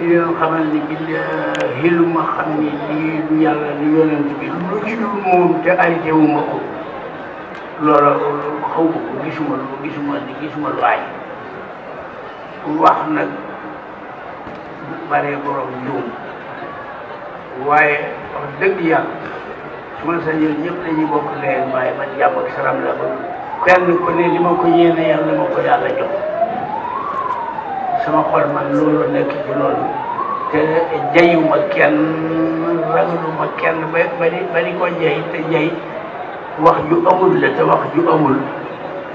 di leen xamal ni billaahi lu ma xam ni lii du yàlla du bi lu ci dul moom te arrêté wu ma ko loola xaw ma ko gisuma lu gisuma li lu ay wax nag bu baree borom juum waaye wax dëgg yàlla su ma sañoon ñëpp dañuy bokk leen waaye man jàmm ak la ba kenn ku ne li ma ko yéene yàlla ma ko yàlla jox ma xol man loolu nekk ci loolu te ken kenn ragaluma kenn ba ma di ko jay te jay wax ju amul la te wax ju amul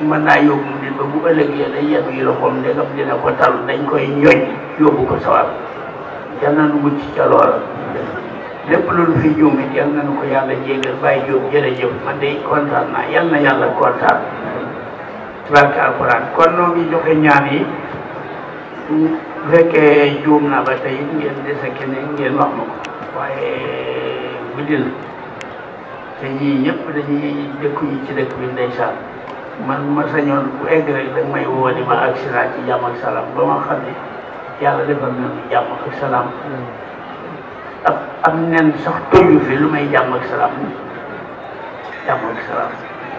mën naa yóbbu nit ba bu ëllëgee day yem yi loxoom ndegam dina ko tal dañ koy ñoñ yóbbu ko sawar yal na nu mucc ca loola lépp lu fi juum it yal na nu ko yàlla jéggal bàyyi jóob jërëjëf man de kontaan naa yal na yàlla kontaan barke alxuraan kon noo ngi joxe ñaan yi bu fekkee juum naa ba tey ngeen dese keneen ngeen wax ma ko waaye guddi na te ñii ñëpp dañuy dëkku yi ci dëkk bi ndeysaan man ma sañoon bu egg rek dag may woo ni ma accident ci jàmm ak salaam ba ma xam ne yàlla defal na nu jàmm hmm. ab am nen sax toju fi lu may jàmm ak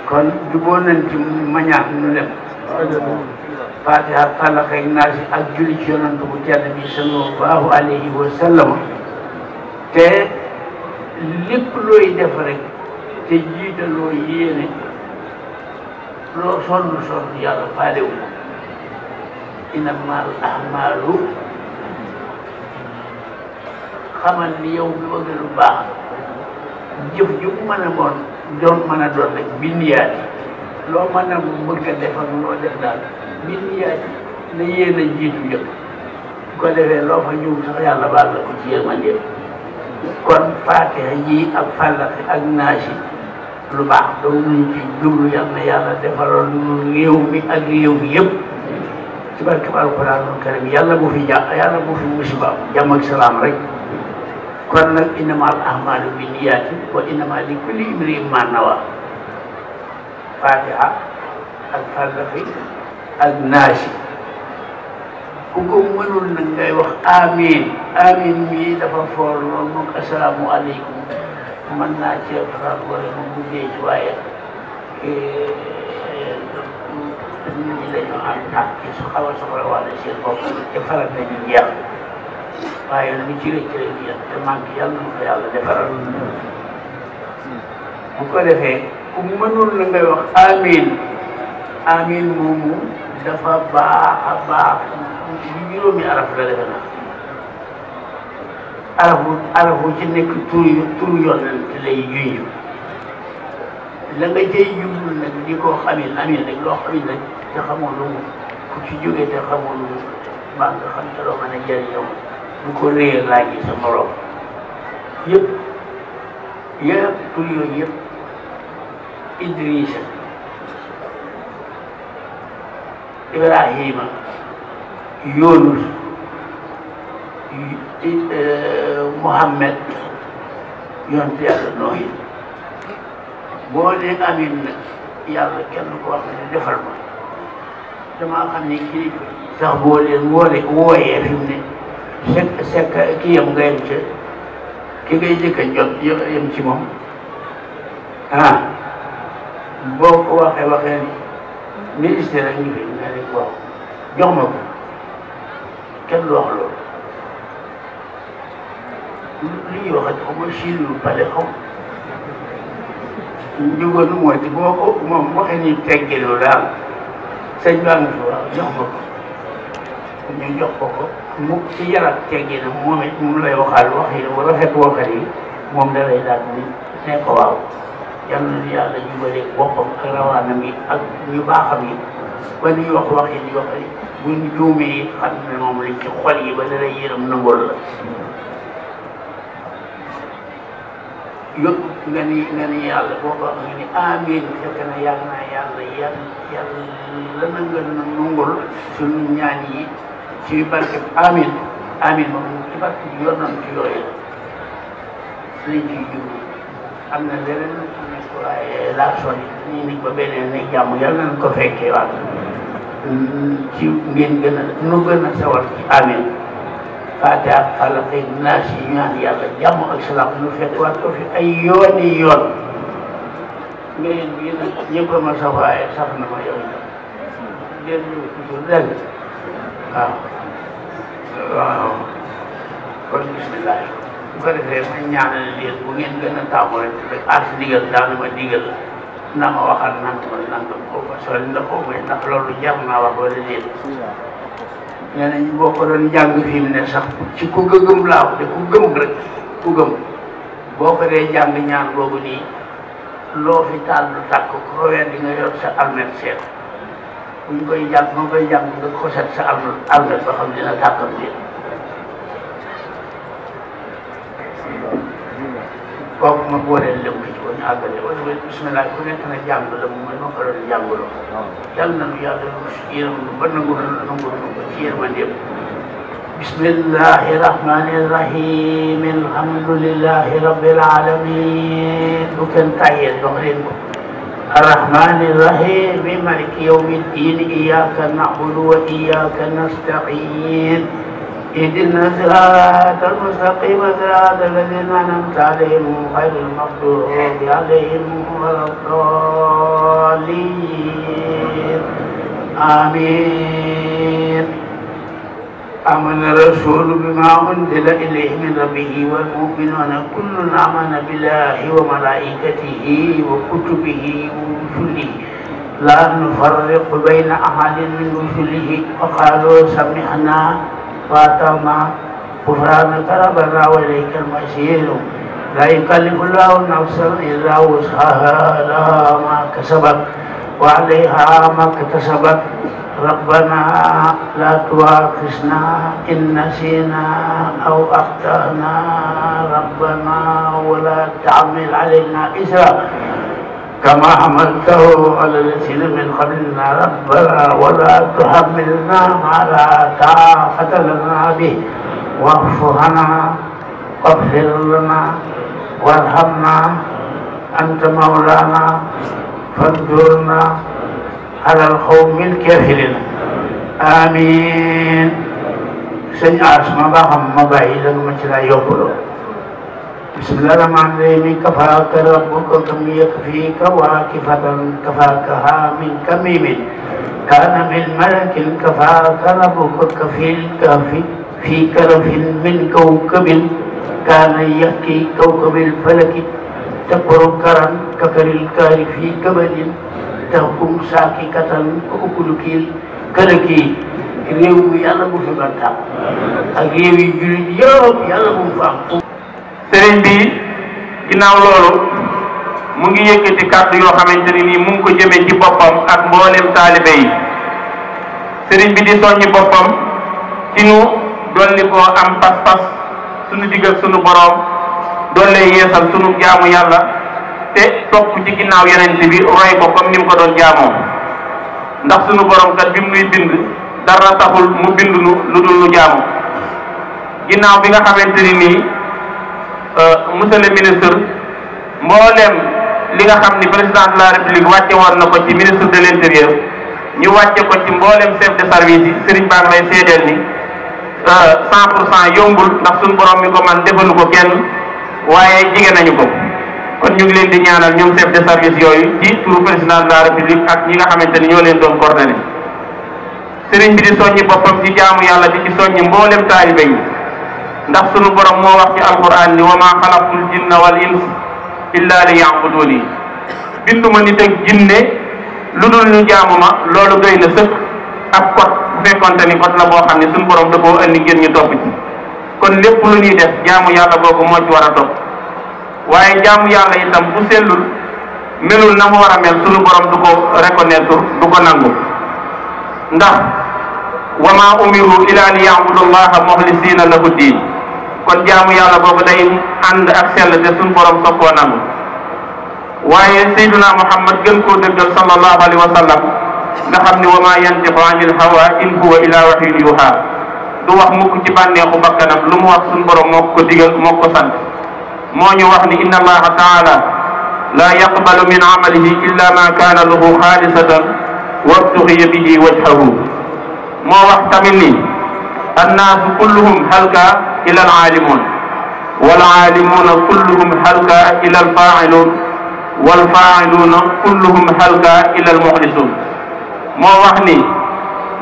kon juboo nañ ci ma ñaan nu dem fatiha falaqay naasi ak julli ci yonent bu tedd bi sallallahu alayhi wa sallam te lépp looy def loo sonn sonn yàlla faalewu ko ahmaalu xamal ni bi bëgg lu baax jëf ju mën a doon doon mën loo mën a bëgg a def loo def nit ñi yaay na yéen a jiitu ñëpp bu ko defee loo fa ñëw sax yàlla baal la ko ci yërmandeem kon faatiha yi ak fàllaki ak naasi lu baax doo luñ ci jublu yal na yàlla defaloon lu réew mi ak réew mi yëpp ci barke alquranul karim yàlla bu fi ja yàlla bu fi musiba jàmm ak salaam rek kon nag innamal ahmaalu binniyaati wa innama li kulli imri'in maa nawaa faatiha ak fàllaki ak naasi ku ko mënul nag ngay wax amin amin mii dafa foor lool moom asalaamualeykum mën naa ci faral wala mu buggee ci waaye eh, nit ñi dañoo am tax ci su xaw a soxla wala seen bopp te faral nañu jeex waaye lu ci rëcc rek yàlla te manqué yàlla na ko yàlla defaral bu ko defee ku mënul la ngay wax amin amin moomu dafa baax a baax juróomi araf la defe na arafu arafu ci nekk turu turu yonent lay junj la nga cay jublu nag di ko xamil amil rek loo xamil rek te xamoo lu mu ku ci jógee te xamoo lu mu mbaa nga xam te loo mën a jëriñoo bu ko réer laaj sa morom yëpp yëpp tur yooyu yëpp Idrissa Ibrahima Younus e, Muhammad yonent yàlla nooyi boo nee amiin nag yàlla kenn ko wax ne defal ma damaa xam ne kii sax boo leen woole wooyee fi mu ne sekk sekk ki yem nga yem ca ki ngay jëkk a jot yem ci moom ah boo ko waxee waxee ministère ak ñu fi ko jox ma ko kenn du wax loolu li ñuy waxati xaw ma si lu pale mooy te boo ko moom waxee ni teggeloo daal sëñ baa ngi fi waaw jox ma ko ko mu ci teggee na mu lay wax yi wala fekk waxal yi moom lay daal ni ne ko waaw yal na yàlla jubale boppam ak rawaanam yi ak ñu baaxam ba ñuy wax wax yi ñuy wax buñ juumee xam ne moom lañ ci xol yi ba dana yërëm nangol la yëpp nga nga ni yàlla boo nga ni amiin fekk na yàgg naa yàlla yàlla yàlla na nga nangul ci barke amiin amiin moom ci barke yonant yooyu lañ ciy jublu am na waaye laa sori ñu ngi ba beneen ne jàmm yàlla nañ ko fekkee waat a nu gën a sawar ci amin faate ak falaq ak naas yi ñaan yàlla jàmm ak salaam nu fekk waat ko fi ay yooni yoon ngeen bi nag ñëpp a ma saf waaye saf na ma yow itam ngeen ñëw toujours dal waaw waaw bu ko defee ma ñaanal leen bu ngeen gën a taamu rek rek aas digal daal ma digal na ma waxal nantuma nantam ko ba sori na ko mais ndax loolu jar naa wax wala déet nee nañ boo ko doon jàng fi mu ne sax ci ku gëm laaw de ku gëm rek ku gëm boo ko dee jàng ñaan boobu nii loo fi taal lu tàkk ko weer di nga yor sa almet seet bu ñu koy jàng moo koy jàng nga xoset sa almet ba xam dina tàkkam déet ma booleel lépp ci ko ñu àggale wala wala bisimilah ku nekk na jàng la mu mën ma ko doon jàngaloo. yàlla nañu yàlla nañu yéen a ba nangu na nangu na ko ci yërmande yëpp. bismillahi rahmani rahim alhamdulillahi rabbil alamin du kenn tàyyeel dox leen ko. الرحمن الرحيم مالك يوم الدين إياك نعبد وإياك نستعين اهدنا الصراط المستقيم صراط الذين انعمت عليهم غير المغضوب عليهم ولا الضالين امين امن الرسول بما انزل اليه من ربه والمؤمنون كل امن بالله وملائكته وكتبه ورسله لا نفرق بين احد من رسله وقالوا سمعنا وأتم غفرانك ربنا وإليك المصير لا يكلف الله نفسا إلا وسعها لها ما كسبت وعليها ما اكتسبت ربنا لا تؤاخذنا إن نسينا أو أخطأنا ربنا ولا تعمل علينا إثرا كما حملته على الذين من قبلنا ربنا ولا تحملنا ما لا طاقة لنا به واعف عنا واغفر لنا وارحمنا أنت مولانا فانصرنا على القوم الكافرين آمين سيدنا أسمع بهم ما بعيدا ما تلا يقولون بسم الله الرحمن الرحيم كفاك ربك كم يكفيك واكفة كفاكها من كميم كان من ملك كفاك ربك كفيك في في كرف من كوكب كان يحكي كوكب الفلك تكبر كرا ككر الكار في كبل تحكم ساككة كأكلكيل كلكي réew mi yàlla bu fi bantaa ak réew yi jullit yëpp yàlla bu mu fa am sëriñ bi ginnaaw loolu mu ngi yëkkati kàddu yoo xamante ni nii mu ngi ko jëmee ci boppam ak mboolem taalibe yi sëriñ bi di soññi boppam ci nu dolli koo am pas-pas suñu diggal suñu boroom dolle yeesal suñu jaamu yàlla te topp ci ginnaaw yonent bi roy ko ni mu ko doon jaamoo ndax suñu borom kat bi mu nuy bind dara taxul mu bind nu lu dul lu jaamu ginnaaw bi nga xamante ni nii Euh, monsieur le ministre mboolem li nga xam ni président de la république wàcce woon na ko ci ministre de l' intérieur ñu wàcce ko ci mboolem chef de service yi Serigne Ba lay seedeel ni euh, cent pour cent yombul ndax suñu borom mi ko man defalu ko kenn waaye jige nañu ko kon ñu ngi leen di ñaanal ñoom chef de service yooyu ci turu président de la république ak ñi nga xamante ni ñoo leen doon coordonné sëriñ bi di soññi boppam ci jaamu yàlla di ci soññi mboolem taalibe yi ndax sunu borom moo wax ci alquran ni wa ma xalaqtul wal ins illa li yaabuduuni binduma nit ak jinne lu dul ñu jaamu ma loolu doy na sëkk ak kot bu fekkonte ni kot la boo xam ne sunu borom da koo indi ngir ñu topp ci kon lépp lu ñuy def jaamu yàlla googu moo ci war a topp waaye jaamu yàlla itam bu sellul melul na mu war a mel sunu borom du ko reconnaître du ko nangu ndax wa ma umiru ila li yaabudu allaha muxlisina lahu diin kon jaamu yàlla boobu day ànd ak sell te suñ borom soppoo nangu waaye sayduna muhammad gën koo dëggal sallallahu alayhi wa sallam nga xam ni wa maa yantiqu anil hawa in huwa illa wahyun yuha du wax mukk ci bànneexu bakkanam lu mu wax suñ borom moo ko digal moo ko sant moo ñu wax ni inna allaha taala la yaqbalu min amalihi illa ma kaana lahu xaalisatan wabtuxiya bihi wajhahu moo wax tamit ni annaasu kulluhum halka ila alaalimuun waalaalimuuna kulluhum halka ila alfaailuun walfaa'iluuna kulluhum halka ila almuxlisuun moo wax ni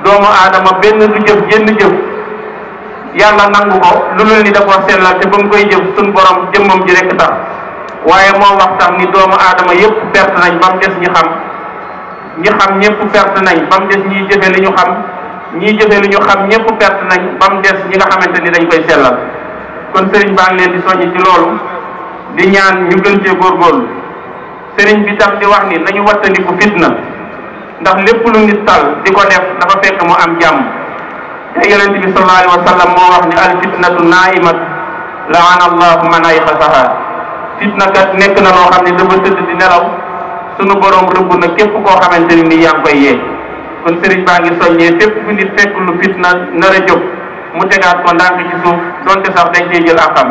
doomu aadama benn du jëf jenn jëf yàlla nangu ko lu dul ni da koo sellal te ba mu koy jëf suñ borom jëmmam ji rekk tax waaye moo wax sax ni doomu aadama yépp perte nañ ba mu des ñi xam ñi xam ñépp perte nañ ba mu des ñiy jëfe li ñu xam ñiy jëfee lu ñu xam ñëpp perte nañ ba des ñi nga xamante ni dañ koy sellal kon sëriñ baa ngi leen di soññ ci loolu di ñaan ñu gën cee góorgóorlu sëriñ bi tam di wax ni nañu wattandiku fitna ndax lépp lu nit tal di ko def dafa fekk mu am jàmm te bi sallallahu alayhi wa sallam moo wax ni al fitnatu naimat laana allahu man ayqasaha fitna kat nekk na loo xam ne dafa tëdd di nelaw sunu borom rëbb na képp koo xamante ni yaa ngi koy yee kon sëriñ baa ngi soññee fépp fu nit fekk lu fitna nar a mu tegaat ko ndànk ci suuf donte sax dañ cee jël àqam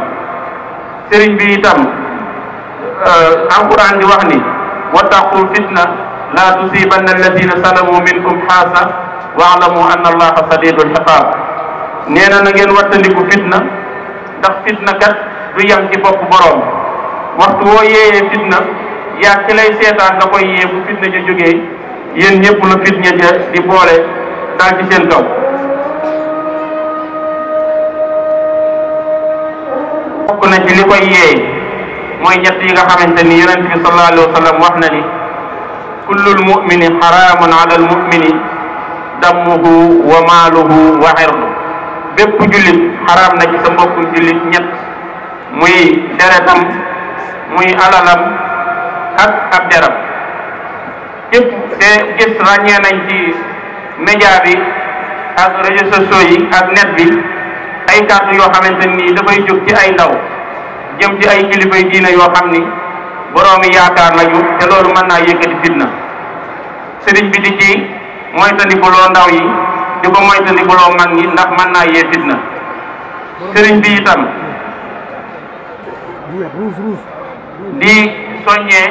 sëriñ bi itam euh, alquran di wax ni wattaqu fitna la tusibanna alladina salamu minkum xaasa wa anna allaha sadidul xiqaab nee na na ngeen wattandiku fitna ndax fitna kat du yem ci bopp boroom waxtu woo yeeyee fitna yaa ki seetaan nga koy yee fitna ja yéen ñëpp la fitna ja di boole daal ci seen kaw bokk na ci li koy yeey mooy ñett yi nga xamante ni yonent bi sallallahu alayhi wa sallam wax na ni kullul mumini xaraamun ala al dammuhu wa maaluhu wa irdu bépp jullit xaraam na ci sa mbokku jullit ñett muy deretam muy alalam ak ab deram ñëpp de gis ràññee nañ ci média bi ak réseaux sociaux yi ak net bi ay kàddu yoo xamante nii dafay jóg ci ay ndaw jëm ci ay kilifa yi diina yoo xam ni boroomi yaakaar lañu te loolu mën naa yëkkati fitna sëriñ bi di ci moytandikuloo ndaw yi di ko moytandikuloo mag ñi ndax mën naa yee fitna sëriñ bi itam di soññee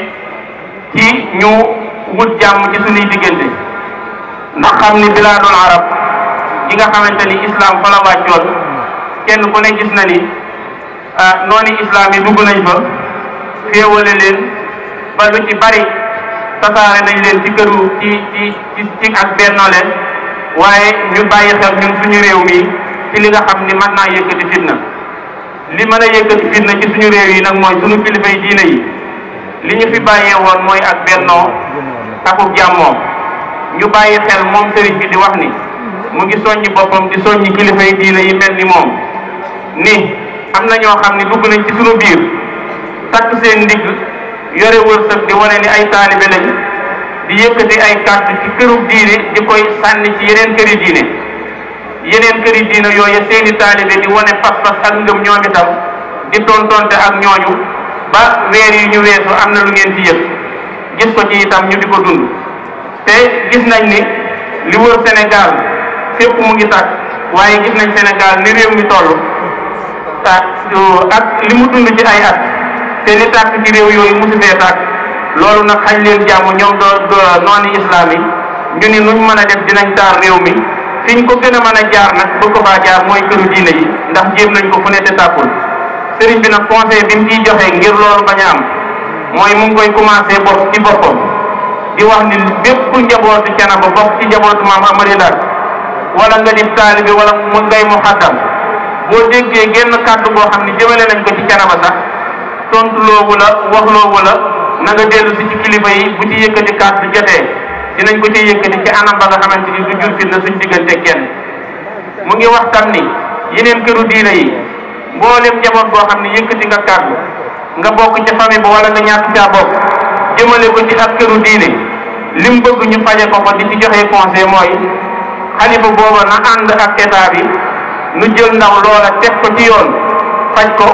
ci ñu wut jàmm ci suñuy diggante ndax xam ni bilaadul arab gi nga xamante ni islam fa la wàccoon kenn ku ne gis na ni ah, noonu islam yi dugg nañ fa féewale leen ba lu ci bari tasaare leen ci këru ci ci ak bennoo leen waaye ñu bàyyi xel ñun suñu réew mi ci li nga xam ni mën naa yëkkati fitna li mën a yëkkati fitna ci suñu réew yi nag mooy suñu kilifa diine yi li ñu fi bàyyee woon mooy ak bennoo takub jàmmoom ñu bàyyi xel moom sëriñ bi di wax ni mu ngi soññi boppam di soññi kilifa yi diine yi mel ni moom ni am na ñoo xam ne dugg nañ ci sunu biir takk seen ndigg yore wërsëg di wone ni ay taalibe lañ di yëkkati ay kàddu ci këru diine di koy sànni ci yeneen këri diine yeneen këri diine yooyu seeni taalibe di wane pas-pas ak ngëm ñoom itam di tontonte ak ñooñu ba weer yi ñu weesu am na lu ngeen ci yëg gis ko ci itam ñu di ko dund te gis nañ ni li wër Sénégal fépp mu ngi tàkk waaye gis nañ Sénégal ni réew mi toll tàkk euh, li mu dund ci ay at te ni tàkk ci réew yooyu mosu fee tàkk loolu nag xañ leen jàmm ñëw doo doo noonu islaam yi ñu ni nuñ mën a def dinañ taar réew mi fiñ ko gën a mën a jaar nag bëgg ko faa jaar mooy këru diine yi ndax jéem nañ ko fu ne te tàkkul sëriñ bi nag conseil bi mu ciy joxe ngir loolu bañ a am mooy mu ngi koy commencé bopp ci boppam di wax ni bépp njabootu Thiénaba bokk ci njabootu maam Amary Lar wala nga di taalibe wala mu ngay muxaddam boo déggee genn kàddu boo xam ne jëmale nañ ko ci Thiénaba sax tontu loowu la wax loowu la na nga dellu si ci kilifa yi bu ci yëkkati kàddu jotee dinañ ko ci yëkkati ci anam ba nga xamante ni du jur fi suñ diggante kenn mu ngi wax tam ni yeneen këru diina yi mboolem njaboot boo xam ne yëkkati nga kàddu nga bokk ca famille ba wala nga ñàkk caa bokk jëmale ko ci askanu diine li mu bëgg ñu faje ko ko di ci joxe conseil mooy xalifa booba na ànd ak état bi nu jël ndaw loola teg ko ci yoon faj ko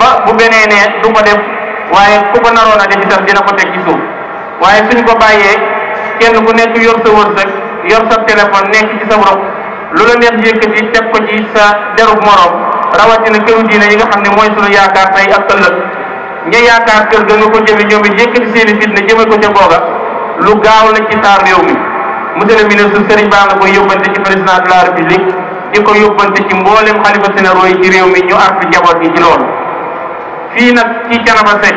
ba bu benee ne du ko def waaye ku ko naroon a def itam dina ko teg ci suuf waaye suñ ko bàyyee kenn ku nekk yor sa wërsëg yor sa téléphone nekk ci sa borom lu la neex yëkkati teg ko ci sa derub morom rawatina këru diine yi nga xam ne mooy sunu yaakaar tey ak ëllëg nga yaakaar kër ga ko jëme ñoom it yëkkati ko ca lu gaaw la ci taar réew mi monsieur le ministre Serigne Ba nga koy yóbbante ci président de la république di ko yóbbante ci mboolem xalifa sénéraux yi ci réew mi ñu artu njaboot ci canaba set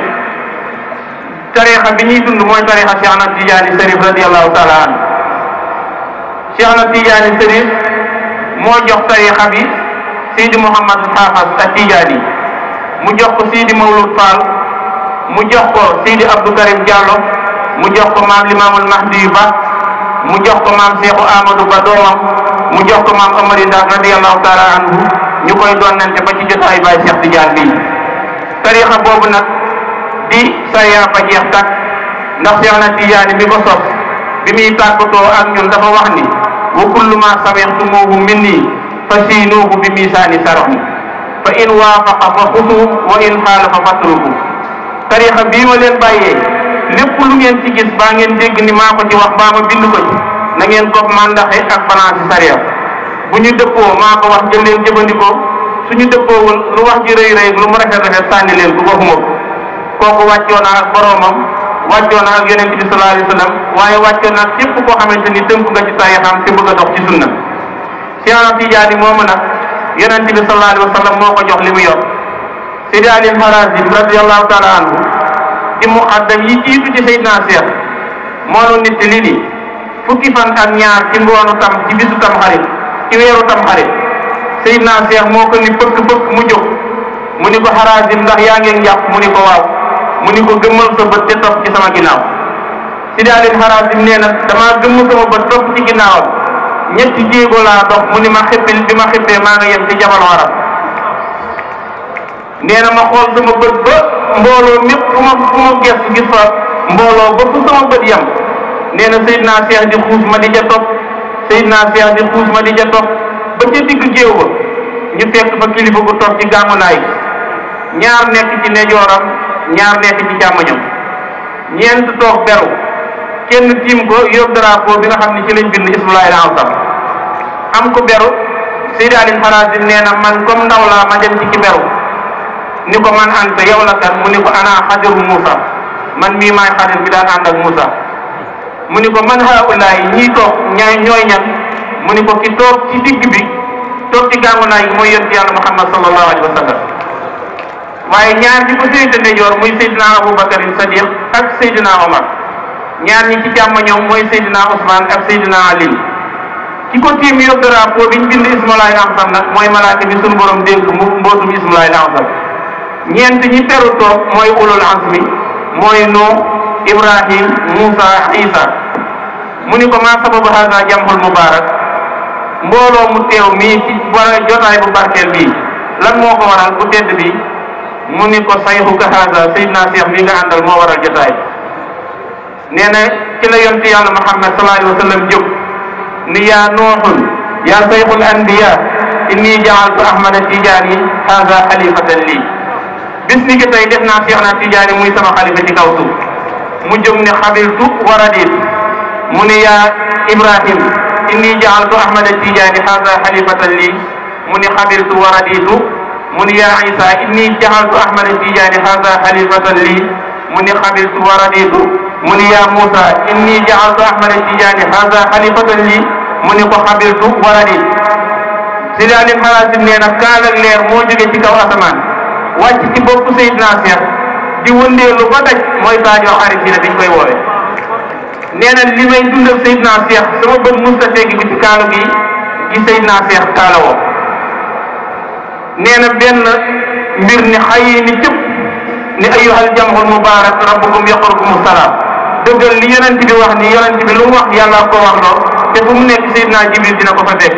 tarixa bi ñuy dund mooy tarixa Cheikh Ahmad Tidiane Serif radiallahu taala an Cheikh Ahmad Tidiane moo jox tarixa bi Seydi Mouhamad Xaaxas a Tidiane yi mu jox ko Sidi Mawlud Fall mu jox ko Sidi Abdou Karim Diallo mu jox ko maam Limaamul Mahdi Ba mu jox ko maam Seexu Amadou Ba doomam mu jox ko maam Amari Ndaak radiyallahu taala anhu ñu koy donnante ba ci jotaay Baay Cheikh Tidiane bii tarixa boobu nag di sariya ba jeex tak ndax Cheikh na Tidiane bi ko sos bi muy tàggatoo ak ñun dafa wax ni wa kullu ma samixtumuhu minni fasinuhu bi misaani sarax fa in waafaqa fa xutu wa in xaalafa fatruku tarixa bii ma leen bàyyee lépp lu ngeen ci gis baa ngeen dégg ni maa ko ci wax baa ma bind ko ci na ngeen ko mandaxe ak balance sariya bu ñu dëppoo maa ko wax jël leen jëfandikoo suñu dëppoowul lu wax ji rëy rëy lu mu rafet rafet sànni leen bu waxuma ko kooku wàccoo naa ak boroomam wàccoo naa ak yonent bi sallallahu alayhi wa sallam waaye wàccoo naa képp koo xamante ni tënku nga ci tariixam te bëgg a dox ci yonent bi sallallahu alayhi moo ko jox li mu yor Sidi Ali Harazim radiyallahu taala anhu ci muqaddam yi jiitu ci Seydina Seex moo nu nit li ni fukki fan ak ñaar ci ngoonu tam ci bisu tam xarit ci weeru tam xarit Seydina Seex moo ko ni pëkk pëkk mu jóg mu ni ko Harazim ndax yaa ngeen jàpp mu ni ko waaw mu ni ko gëmmal sa bët te topp ci sama ginnaaw Sidi Ali Harazim nee na damaa gëmm sama bët topp ci ginnaawam ñetti jéego laa dox mu ni ma xippil bi ma xippee maa ngi yem ci jabal nee na ma xool sama bët ba mbooloo mépp fu ma fu ma gest gis fa mbooloo ba fu sama bët yem nee na Seydina Cheikh di xuus ma di ca topp Seydina Cheikh di xuus ma di ca topp ba ca digg géew ba ñu fekk fa kilifa gu toog ci gàmmunaay ñaar nekk ci ndeyjooram ñaar nekk ci càmmoñam ñeent toog beru kenn tiim ko yor drapeau bi nga xam ne ci lañ bind ismulaayil azam am ko beru Seydi Ali Harazim nee na man comme ndaw ma dem ci ki beru ni ko man anta yow la kan mu ni ko ana xadiru Moussa man mii maay xadir bi daan ànd ak Moussa mu ni ko man haulaay ñii toog ñaay mu ni ko ki toog ci digg bi toog ci gàngu naay mooy yonent yàlla Muhammad sallallahu alayhi wa sallam waaye ak Seydina Omar ñaar ñi ci jàmm ñoom mooy Seydina Ousmane ak Seydina Ali ki ko tiim yor drapeau bi ñu bind ismulaay ansam nag mooy malaaka bi suñu borom dénk mu mbootum ismulaay ansam ñeent ñi teru toog mooy ulul azmi mooy Nuux Ibrahim Moussa Isa mu ni ko maa sababu hada jàmbul mubaarak mbooloo mu teew mii ci wala jotaay bu barkeel bii lan moo ko waral bu tedd bi mu ni ko sayxu ka hada Seydina Cheikh mi nga àndal moo waral jotaay nee na ci la yontu yàlla muhammad sallallahu alayhi wa sallam jóg ni yaa nuuxun yaa sayxul anbiya inni jaaltu ahmada tijaani haada xalifatan lii bis ni ki tey def naa seexna tijaani muy sama xalifa ci kaw suuf mu jóg ne xabiltu waradit mu ne yaa ibrahim inni jaaltu ahmada tijaani haada xalifatan lii mu ne xabiltu waraditu mu ne yaa isa inni jaaltu ahmada tijaani haada xalifatan lii mu ni xabiltu wa raditu mu ni yaa Muusa inni jaaltu Ahmada Tijaani haza xalifatan lii mu ni ko xabiltu wa raditu Seydi Ali Xaraasim nee na kaal ak leer moo jóge ci kaw asamaan wàcc ci bopp Seydina Cheikh di wëndeelu ba daj mooy Sadio Arif yi dañ koy woowe nee na li may dund ak Seydina Cheikh sama bët musta teggi ko ci kaalu gi gi Seydina Cheikh kaala woo nee mbir ni xay ni cëpp ni ayyuhal jamhul mubarak rabbukum yaqrukum salaam dëggal li yonent bi wax ni yonent bi lu mu wax yàlla ko wax loo te fu mu nekk Seydina Jibril dina ko fa fekk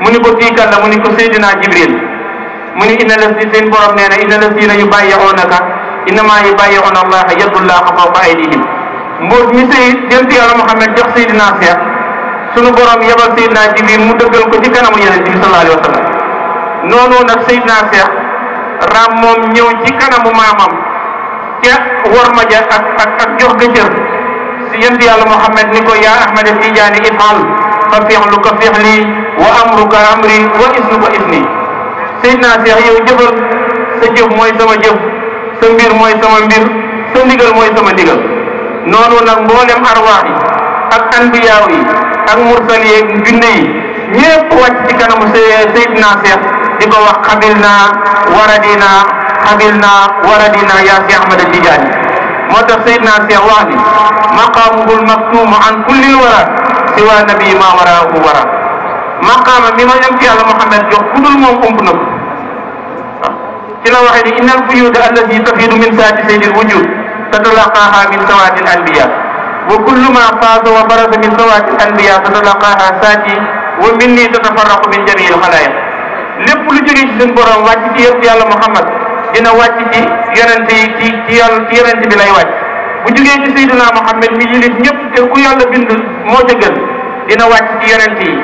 mu ni ko kii kan la mu ni ko Seydina Jibril mu ni inna la si seen borom nee na inna la si na yu bàyyeewoonaka innamaa yu bàyyeewoon allaha yadullaha fawqa aydihim mboot mi sëy jënt yàlla Muhammad jox Seydina Cheikh sunu borom yebal Seydina Jibril mu dëggal ko ci kanamu yonent bi sallallahu alayhi wa sallam noonu nag raam moom ñëw ci maamam ca war ma ja ak ak jox ga si yent yàlla ni ko yaa Ahmad Tijaani ifal fa fi'luka fi'li wa amruka amri wa iznuka izni Seydina Seex yow jëfal sa jëf mooy sama jëf sa mbir mooy sama mbir sa ndigal mooy sama ndigal noonu nag mboolem arwaax ak anbiyaaw ak mursal junne yi ñëpp wàcc ci kanamu Seydina Seex di ko wax xabil naa waradina xabil naa waradina yaa Cheikh Ahmad Tidiane moo tax Seydina Cheikh wax ni maqaamul maktuum an kulli wara siwa nabi ma waraahu wara maqaama mi ma yonent yàlla Muhammad jox ku dul moom ëmb na ko ci la waxee ni innal buyuuta allati tafiidu min saati sayyidil wujuud tatalaqaaha min sawaatil anbiyaa wa kullu ma faaza wa barasa min sawaatil anbiyaa tatalaqaaha saati wa minni tatafarraqu min jamiil xalaaya lépp lu jógee ci suñu borom ci yëpp yàlla muhammad dina wàcc ci yonente yi ci ci yàlla ci yonente lay wàcc bu jógee ci sayyidina muhammad mi yilif ñëpp te ku yàlla bind moo ca dina wàcc ci yonente yi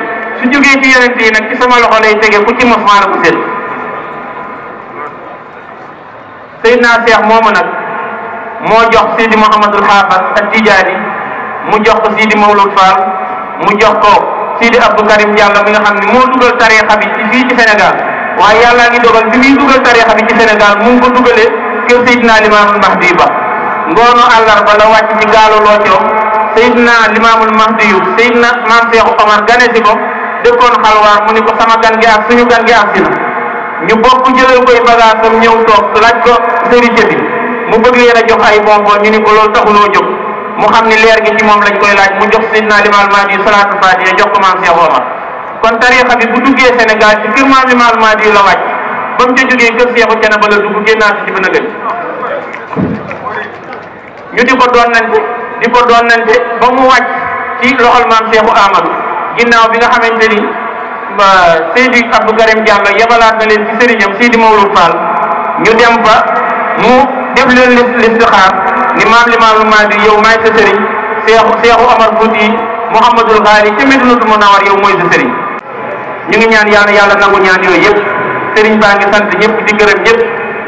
su jógee ci yonente yi nag ci sama loxo lay tege ku ci mos maana ku seen sayyidina seex moomu nag moo jox sidi muhammadul xaafas ak tijaani mu jox ko sidi mawlud faal mu jox ko Sidi Abdou Karim Diallo mi nga xam ne moo dugal tariixa bi ci fii ci Sénégal waaye yàllaa ngi dogal bi muy dugal tariixa bi ci Sénégal mu ngi ko dugalee kër Seydina Limaamul Mahdi ba ngoonu àllarba la wàcc ci gaalu Looco Seydina Limaamul Mahdi yu Seydina maam Seexu Omar gane si ko dëkkoon xalwaar mu ni ko sama gan gi ak suñu gan gi ak si na ñu bokk jëlal koy bagaasam ñëw toog laaj ko sëriñ bi mu bëgg leen a jox ñu ni ko loolu taxuloo jóg mu xam ni leer gi ci moom lañ koy laaj mu jox Seydina Limaal Mahdi salaatul faatiha jox ko maam Cheikh Omar kon tariixa bi bu duggee Sénégal ci kër maam Limaal Mahdi la wàcc ba mu ca jógee kër Seexu Canaba la dugg génnaat ci bën a gën ñu di ko doonante di ko doonante ba mu wàcc ci loxol maam Seexu Amadou ginnaaw bi nga xamante ni Seydi Abdou Karim Diallo yebalaat na leen ci sëriñam Seydi Mawlud Fall ñu dem ba mu def leen listixaar ni maam Limaamu Mahdi yow maay sa sëriñ seexu seexu Omar Fuuti Muhammadul Xaali ca Madinatul Munawwar yow mooy sa sëriñ ñu ngi ñaan yàlla yàlla nangu ñaan yooyu yëpp sëriñ baa ngi sant ñëpp di gërëm ñëpp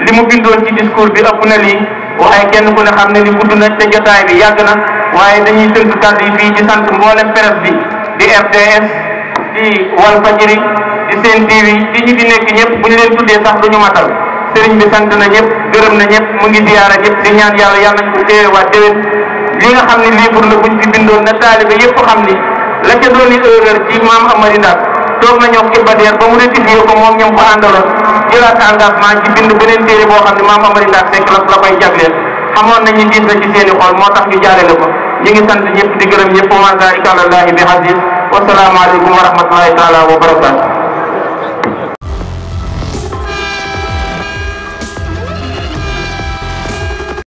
li mu bindoon ci discours bi ëpp na lii waaye kenn ku ne xam ne ni gudd na te jotaay bi yàgg na waaye dañuy tënk kàddu yi fii di sant mboolem presse bi di RTS di Walfadjri di Sen TV di ñi di nekk ñëpp bu ñu leen tuddee sax duñu matal sëriñ bi sant na ñëpp gërëm na ñëpp mu ngi ziyaara ñëpp di ñaan yàlla yàlla nañ ko téewaat déwén li nga xam ne livre la buñ fi bindoon na taalibe yëpp xam ni la ca dooni erreur ci maam ba mu rectifié ko moom ñoom ko àndaloon jëlaat engagement ci bind beneen téere boo xam ne maam Amari Ndaak fekk la la koy jagleel xamoon nañu diis na ci seen i moo tax ñu jaaree la ko ñu ngi sant ñëpp di gërëm ñëpp wa maa zaalika bi aziiz wa salaamu aleykum wa wa barakaatu